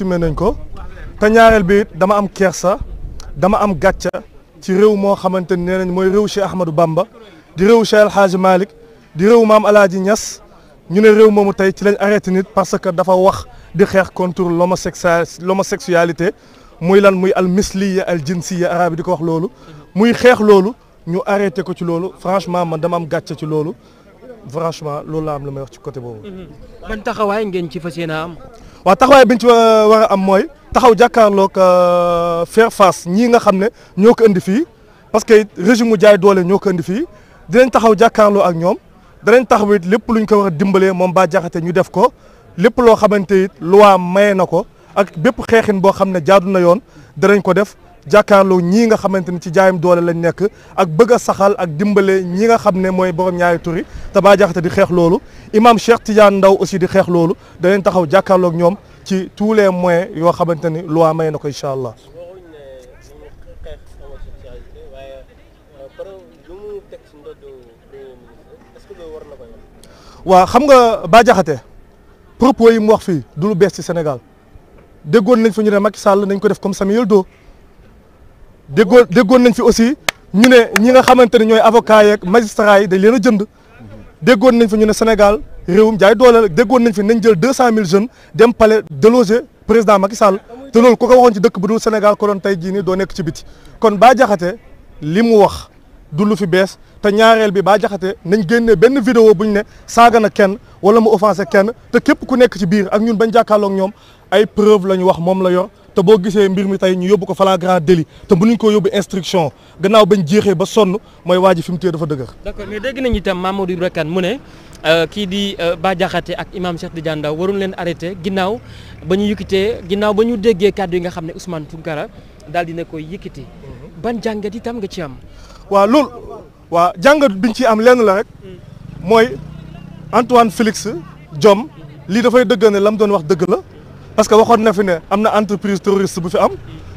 tume nañ ko te ñaareel bi dama am kersa dama am gàcca ci réew moo xamante ne nee nañ mooy réew Cheikh Ahmadou Bamba di réew Cheikh El Hadj di réew maam El Hadj Niass ñu ne réew moomu tey ci lañ arrêté nit parce que dafa wax di xeex contre l'homosexualité muy lan muy al misliya al jinsiya arabe di ko wax loolu muy xeex loolu ñu arrêté ko ci loolu franchement ma dama am gàcce ci loolu franchement loolu laa am la may wax ci côté boobu. Mhm. ban taxawaay ngeen ci fas yéene am. waaw taxawaay bi ñu ci war a am mooy taxaw jàkkaarloog euh, faire face ñii nga xam ne ñoo ko indi fii parce que régime mu jaay doole ñoo ko indi fii dinañ taxaw jàkkaarloo ak ñoom danañ taxaw it lépp luñ ko war a dimbalee moom Bah Diakhaté ñu def ko lépp loo xamante it loi maye na ko ak bépp xeexin boo xam ne jaadu na yoon danañ ko def. jàkkaarloo ñii nga xamante ni ci jaayam doole lañu nekk ak bëgg a saxal ak dimbale ñi nga xam ne mooy borom ñaari turi Taba Diakhaté di xeex loolu imam Cheikh Tidiane Ndaw aussi di xeex loolu danañ taxaw jàkkaarloog ñoom ci tous les moyens yoo xamante ni loi may na ko incha allah. waaw xam nga Bah Diakhaté propos yi mu wax fii du lu bees ci Sénégal déggoon nañ fa ñu ne Macky Sall nañ ko def comme Samuel Doe déggoo déggoon nañ fi aussi ñu ne ñi nga xamante ne ñooy avocats yeeg magistrats yi dañ leen a jënd déggoon nañ fi ñu ne Sénégal réewum jaay doole la déggoon nañ fi nañ jël deux cent mille jeunes dem palais déloger président Macky Sall te lool ko ko waxoon ci dëkk bu dul Sénégal ko doon tey jii doo nekk ci biti kon Bah Diakhaté li mu wax du fi bees te ñaareel bi Bah Diakhaté nañ génnee benn video bu ne saaga na kenn wala mu offensé kenn te képp ku nekk ci biir ak ñun bañ jàkkaarloog ñoom ay preuve la ñu wax moom la yor te boo gisee mbir mi tey ñu yóbbu ko flagrant délit te mënuñ ko yóbbu instruction gannaaw bañ jeexee ba sonn mooy waa ji fi mu téye dafa dëgër. d'accord mais dégg nañu itam Mamadou Ibra Kane mu ne euh, kii di euh, Bah ak imam Cheikh Tidiane Ndao waroon leen arrêté ginnaaw ba ñu yëkkitee ginnaaw ba ñu déggee kàddu yi nga xam ne Ousmane Tounkara daal dina koy yëkkiti mhm. ban jàngat itam nga ci am. waa loolu waaw jàngat biñ ci am lenn la rek mooy Antoine Félix Diome lii dafay dëgg ne lam doon wax dëgg la. parce que waxoon na fi ne am na entreprise terroriste bu fi am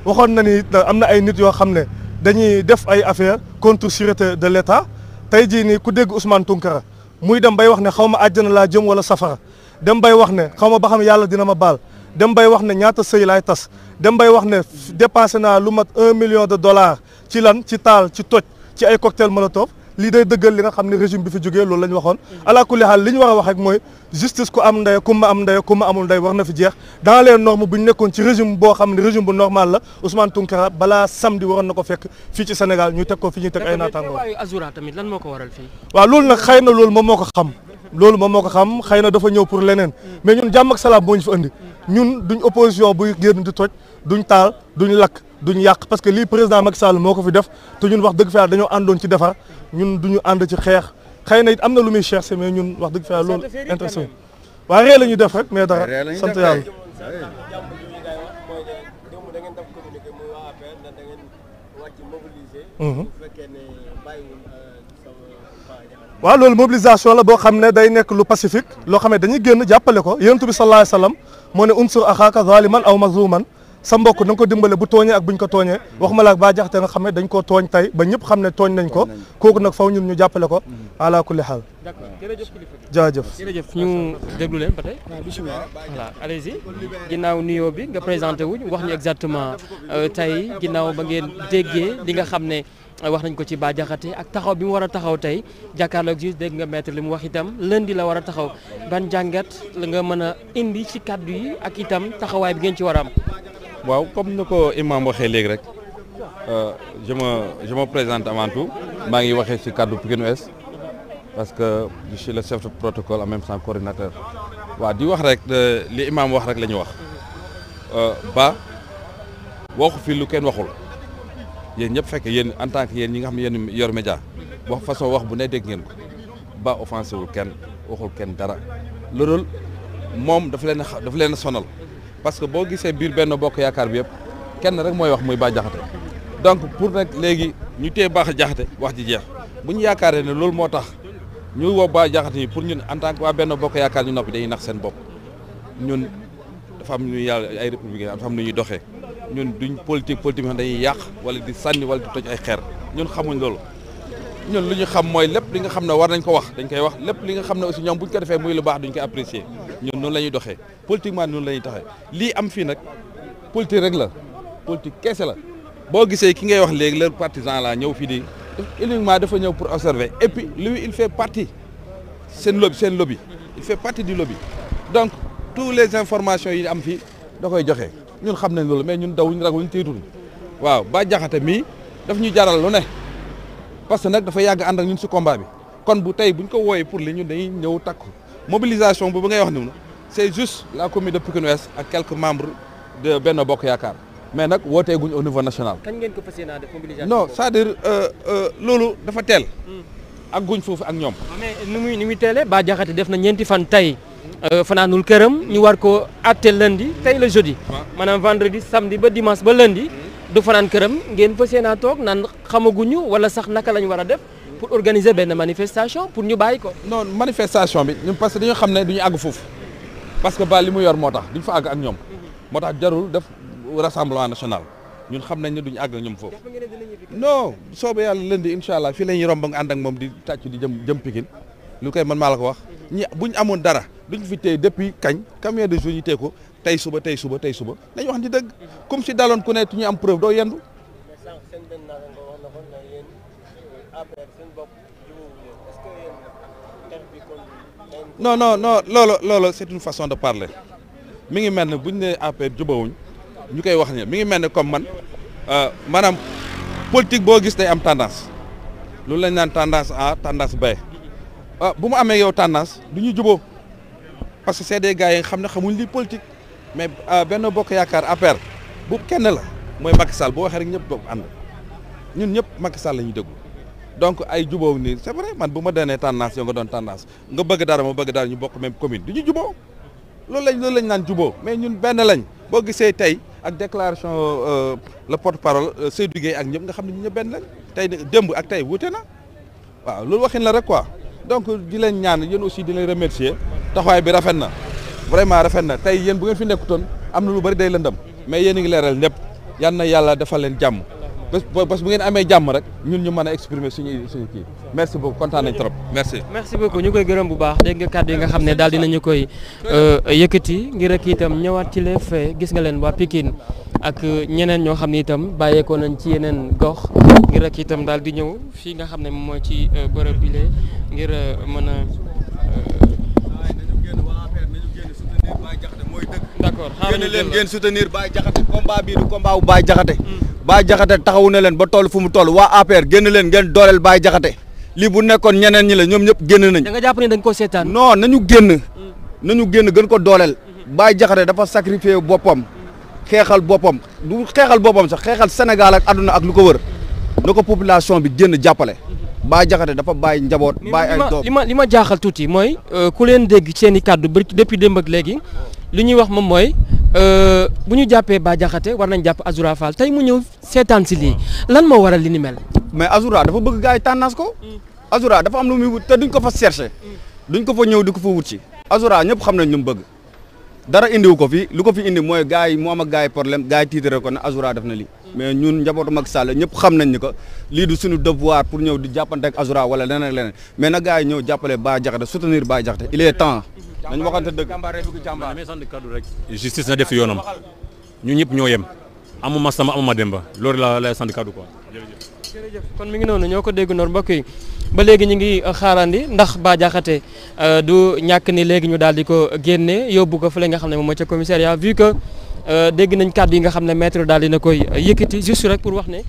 waxoon na ni am na ay nit yoo xam ne dañuy def ay affaire contre sûreté de l'État tey jii nii ku dégg Ousmane Tounkara muy dem bay wax ne xaw ma àjjana laa jëm wala safara dem bay wax ne xaw ma ba xam yàlla dina ma baal dem bay wax ne ñaata sëy laay tas dem bay wax ne dépensé naa lu mat un million de dollars ci lan ci taal ci toj ci ay cocktail molotov lii day dëggal li nga xam ne régime bi fi jógee loolu la ñu waxoon ala kulli xaal li ñu war a wax rek mooy justice ku am ndey kumba am ndey kumba amul ndey wax na fi jeex dans les normes bu ñu nekkoon ci régime boo xam ne régime bu normal la Ousmane Tounkara balaa samedi waroon na ko fekk fii ci Sénégal ñu teg ko fi ñuy teg ay naataangoo waaw loolu nag xëy na loolu moom moo ko xam loolu moom moo ko xam xëy na dafa ñëw pour leneen mais ñun jàmm ak salaam moo ñu fi andi ñun duñ opposition buy génn di toj duñ taal duñ lakk du ñu yàq parce que lii président Macky Sall moo ko fi def te ñun wax dëgg fa yàlla dañoo àndoon ci defar ñun duñu ànd ci xeex xëy na it am na lu muy cherché mais ñun wax dëgg fa yàlla loolu intéressé waaw ree la ñuy def rek mais dara sant yàlla mhm. waaw loolu mobilisation la boo xam ne day nekk lu pacifique loo xam ne dañuy génn jàppale ko yonent bi sallallahu alayhi wa moo ne unsur axaaka zaliman aw mazluman sa mbokk na ko dimbale bu tooñee ak buñ ko tooñee wax ma la ba jaxte nga xam ne dañ koo tooñ tey ba ñëpp xam ne tooñ nañ ko kooku nag faw ñun ñu jàppale ko ala kulli xaal jaajëf jërëjëf ñu déglu leen ba tey voilà ginnaaw nuyoo bi nga présenté wuñ wax ñu exactement euh, tey ginnaaw ba ngeen déggee li nga xam ne euh, wax nañ ko ci Bah Diakhaté ak taxaw bi mu war a taxaw tey jàkkaarloog ji dégg nga maître li mu wax itam leen di la war a taxaw ban jàngat la nga mën a indi ci kàddu yi ak itam taxawaay bi ngeen ci war a am waaw comme ni ko imam waxee léegi rek euh, je me je me présente avant tout maa ngi waxee ci kàddu Pikine Ouest parce que je suis le chef de protocole en même temps coordinateur waa di wax rek euh, li imam wax rek la ñu wax euh, ba waxu fi lu kenn waxul yéen ñëpp fekk yéen en tant que yéen ñi nga xam ne yéen yor média wax façon wax bu ne dégg ngeen ko ba offensé wul kenn waxul kenn dara loolu moom dafa leen dafa leen sonal parce que boo gisee biir benn bokk yaakaar bi yëpp kenn rek mooy wax muy Bah Diakhaté donc pour nag léegi ñu téye baax Diakhaté wax ji jeex bu ñu yaakaaree ne loolu moo tax ñu woo Bah Diakhaté yi pour ñun en tant waa benn bokk yaakaar ñu noppi dañuy nax seen bopp ñun dafa am ñuy yàlla ay républicain dafa am nu ñuy doxee ñun duñ politique politique xam dañuy yàq wala di sànni wala di toj ay xeer ñun xamuñ loolu ñun lu ñu xam mooy lépp li nga xam ne war nañ ko wax dañ koy wax lépp li nga xam ne aussi ñoom buñ ko defee muy lu baax duñ koy apprécier ñun noonu la ñuy doxee politiquement noonu la ñuy taxee lii am fii nag politique rek la politique keese la boo gisee ki ngay wax léegi leur partisan la ñëw fii di uniquement dafa ñëw pour observer et puis lui il fait partie seen lobby seen lobi il fait partie du lobby donc toutes les informations yi am fii da joxe ñun xam nañ loolu mais ñun dawuñ raguñ tiituñ waaw ba jaxate mii daf ñu jaral lu ne parce que nag dafa yàgg ànd ak ñun si combat bi kon bu tey buñ ko wooyee pour li ñun dañuy ñëw takku. mobilisation boobu ngay wax ni c'est juste la commune de Pikine Ouest ak quelques membre de Benno Bokk Yaakaar mais nag wootee guñ au niveau national. kañ ngeen ko fas yéenaa def mobilisation non c'est-à-dire euh, euh, loolu dafa teel. Hmm. ak guñ foofu ak ñoom. nu muy ni muy teelee Bah Diakhaté def na ñeenti fan tey. Euh, fanaanul këram ñu war ko àtte lundi tey la jeudi. maanaam vendredi samedi ba dimanche ba lundi. Hmm. du fanaan këram ngeen fas yéenaa toog naan xamaguñu wala sax naka lañ war a def. pour organiser benn manifestation pour ñu bàyyi ko. non manifestation bi parce que dañoo xam ne du ñu àgg parce que ba li mu yor moo tax duñ fa àgg ak ñoom. Mhm. moo tax jarul def rassemblement national ñun xam nañ ne duñu àgg ak ñoom foofu. non soobee yàlla lundi incha allah fii la ñuy romb nga ànd ak moom di tàcc di jëm jëm Pikine lu koy man maa la ko wax. Mhm. ñi buñ amoon dara duñ fi téye depuis kañ combien de jours ñu téye ko tey suba tey suba tey suba nañu wax ni dëgg mhm. comme si daloon ku ne ñu am preuve doo yendu. non no non loolu loolu c'est une façon de parler mi ngi mel ne bu ñu nee APR jubawuñ ñu koy wax ne mi ngi mel ne comme man euh, maanaam politique boo gis day am tendance loolu lañ naan tendance A tendance B ah bu mu amee yow tendance du ñu juboo parce que c'est des gars yi xam ne xamuñ li politique mais euh, benn bokk yaakaar APR bu kenn la mooy Macky boo waxee rek ñëpp bokk ànd ñun ñëpp Macky Sall la ñu déglu donc ay jubóo nii c'est vrai man bu ma doonee tendance yow nga doon tendance nga bëgg dara ma bëgg dara ñu bokk même commune du ñu jubóo loolu lañ loolu lañ naan jubóo mais ñun benn lañ boo gisee tey ak déclaration euh, la porte-parole euh, Seydou Guèye ak ñëpp nga xam ne ñu ñëpp benn lañ tey démb ak tey wuute na waaw loolu waxin la rek quoi donc di leen ñaan yéen aussi di leen remercier taxawaay bi rafet na vraiment rafet na tey yéen bu ngeen fi nekkutoon am na lu bari day lëndëm mais yéen a ngi leeral ñëpp yan na yàlla defal leen jàmm bés bés bu ngeen amee jàmm rek ñun ñu mën a exprimer suñu suñu kii merci beaucoup kontaan nañ trop merci. merci beaucoup ñu koy gërëm bu baax dégg nga kàddu yi nga xam ne daal dinañu koy euh, yëkkati ngir ak itam ñëwaat ci les faits gis nga leen baa pikin ak euh, ñeneen ñoo xam ne itam bàyyeekoo nañ ci yeneen gox ngir ak itam daal di ñëw fii nga xam ne moom mooy ci euh, bërëb bi lee ngir mën a. d'accord a leen ngeen soutenir Baye Diakhaté combat bii du combat bu Baye Diakhaté hmm. Baye Diakhaté taxawu na leen ba toll fu mu toll waa APR génn leen ngeen dooleel Baye Diakhaté lii bu nekkoon ñeneen ñi la ñoom ñëpp génn nañ. da nga jàpp ne dañ ko seetaan. non nañu génn. Mm. nañu génn gën ko dooleel. Mm-hmm. Baye Diakhaté dafa sacrifié boppam. xeexal boppam du xeexal boppam sax xeexal Sénégal ak àdduna ak lu ko wër na ko population bi génn jàppale. Baye Diakhaté dafa bàyyi njaboot. bàyyi ay doom li ma li ma jaaxal tuuti mooy. Euh, ku leen dégg seen i kàddu depuis démb ak léegi li ñuy wax moom mooy. Euh, bu ñu jàppee Bah Diakhaté war nañ jàpp Azoura Fall tey mu ñëw seetaan si lii lan moo waral li ni mel. mais Azoura dafa bëgg gars yi tànnaas ko. Azoura dafa am lu muy wut te duñ ko fa cherché. duñ ko fa ñëw di ko fa wut si. Azoura ñëpp xam nañ bëgg. dara indiwu ko fi lu ko fi indi mooy gars yi mu am ak gars yi problème gars yi ko ne Azoura def na lii. mais ñun njabootu Macky Sall ñëpp xam nañ ni ko lii du suñu devoir pour ñëw di jàppante ak Azoura wala leneen ak leneen mais na gars yi ñëw jàppale Bah Diakhaté soutenir Bah Diakhaté il est temps. nañ waxante dëgg damay sant kaddu rek justice na def yoonam ñu ñëpp ñoo yem amuma sama amuma demba loolu la lay sant kaddu ko kon mi ngi noonu ñoo ko dégg noonu mbokk yi ba léegi ñu ngi euh, xaarandi ndax Bah euh, du ñàkk ni léegi ñu daal di ko génne yóbbu ko fële nga xam ne moom ma ca commissariat vu que euh, dégg nañ kàddu yi nga xam ne maître daal dina koy yëkkati juste rek pour wax ne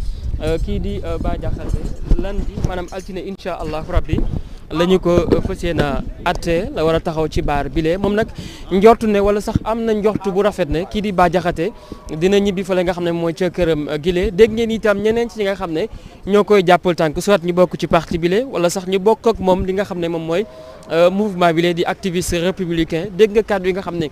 kii di Bah Diakhaté lan di maanaam altine incha allahu rabbi la ñu ko euh, fas yéene àtte la war a taxaw ci baar bile moom nag njortu ne wala sax am na njortu bu rafet ne kii di Bah dina ñibbi fële nga xam ne mooy ca këram euh, gile dégg ngeen itam ñeneen ci ñi nga xam ne ñoo koy jàppal tànk soit ñi bokk ci parti bile wala sax ñi bokk ak moom li nga xam ne moom mooy Euh, mouvement bi lee di activiste républicain dégg nga kàddu yi nga xam ne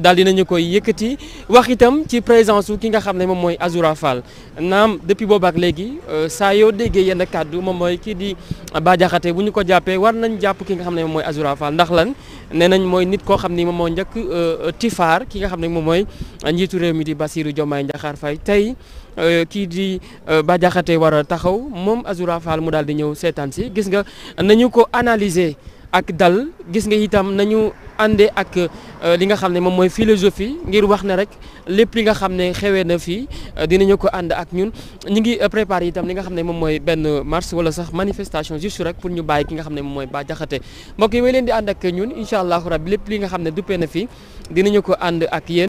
daal nañu koy yëkkati wax itam ci présence wu ki nga xam ne moom mooy Azoura Fall naam depuis boobaak léegi euh, saa yoo déggee yenn kàddu moom mooy kii di Bah bu ñu ko jàppee war nañ jàpp ki nga xam ne moom mooy Azoura Fall ndax lan nee mooy nit koo xam ne moom moo njëkk euh, tifaar ki nga xam ne moom mooy njiitu réew mi di Bassirou Diomaye Diakhar fay tey kii di Bah war a taxaw moom Azoura Fall mu daal di ñëw seetaan si gis nga nañu ko analyser ak dal gis nga itam nañu àndee ak euh, li nga xam ne moom mooy philosophie ngir wax ne rek lépp li nga xam ne xewee na fii euh, dinañu ko ànd ak ñun ñu ngi euh, préparé itam li nga xam ne moom mooy benn marche wala sax manifestation juste rek pour ñu bàyyi ki nga xam ne moom mooy Bah Diakhaté mbokk yi leen di ànd ak ñun incha allahu rab lépp li nga xam ne duppee na fii dinañu ko ànd ak yéen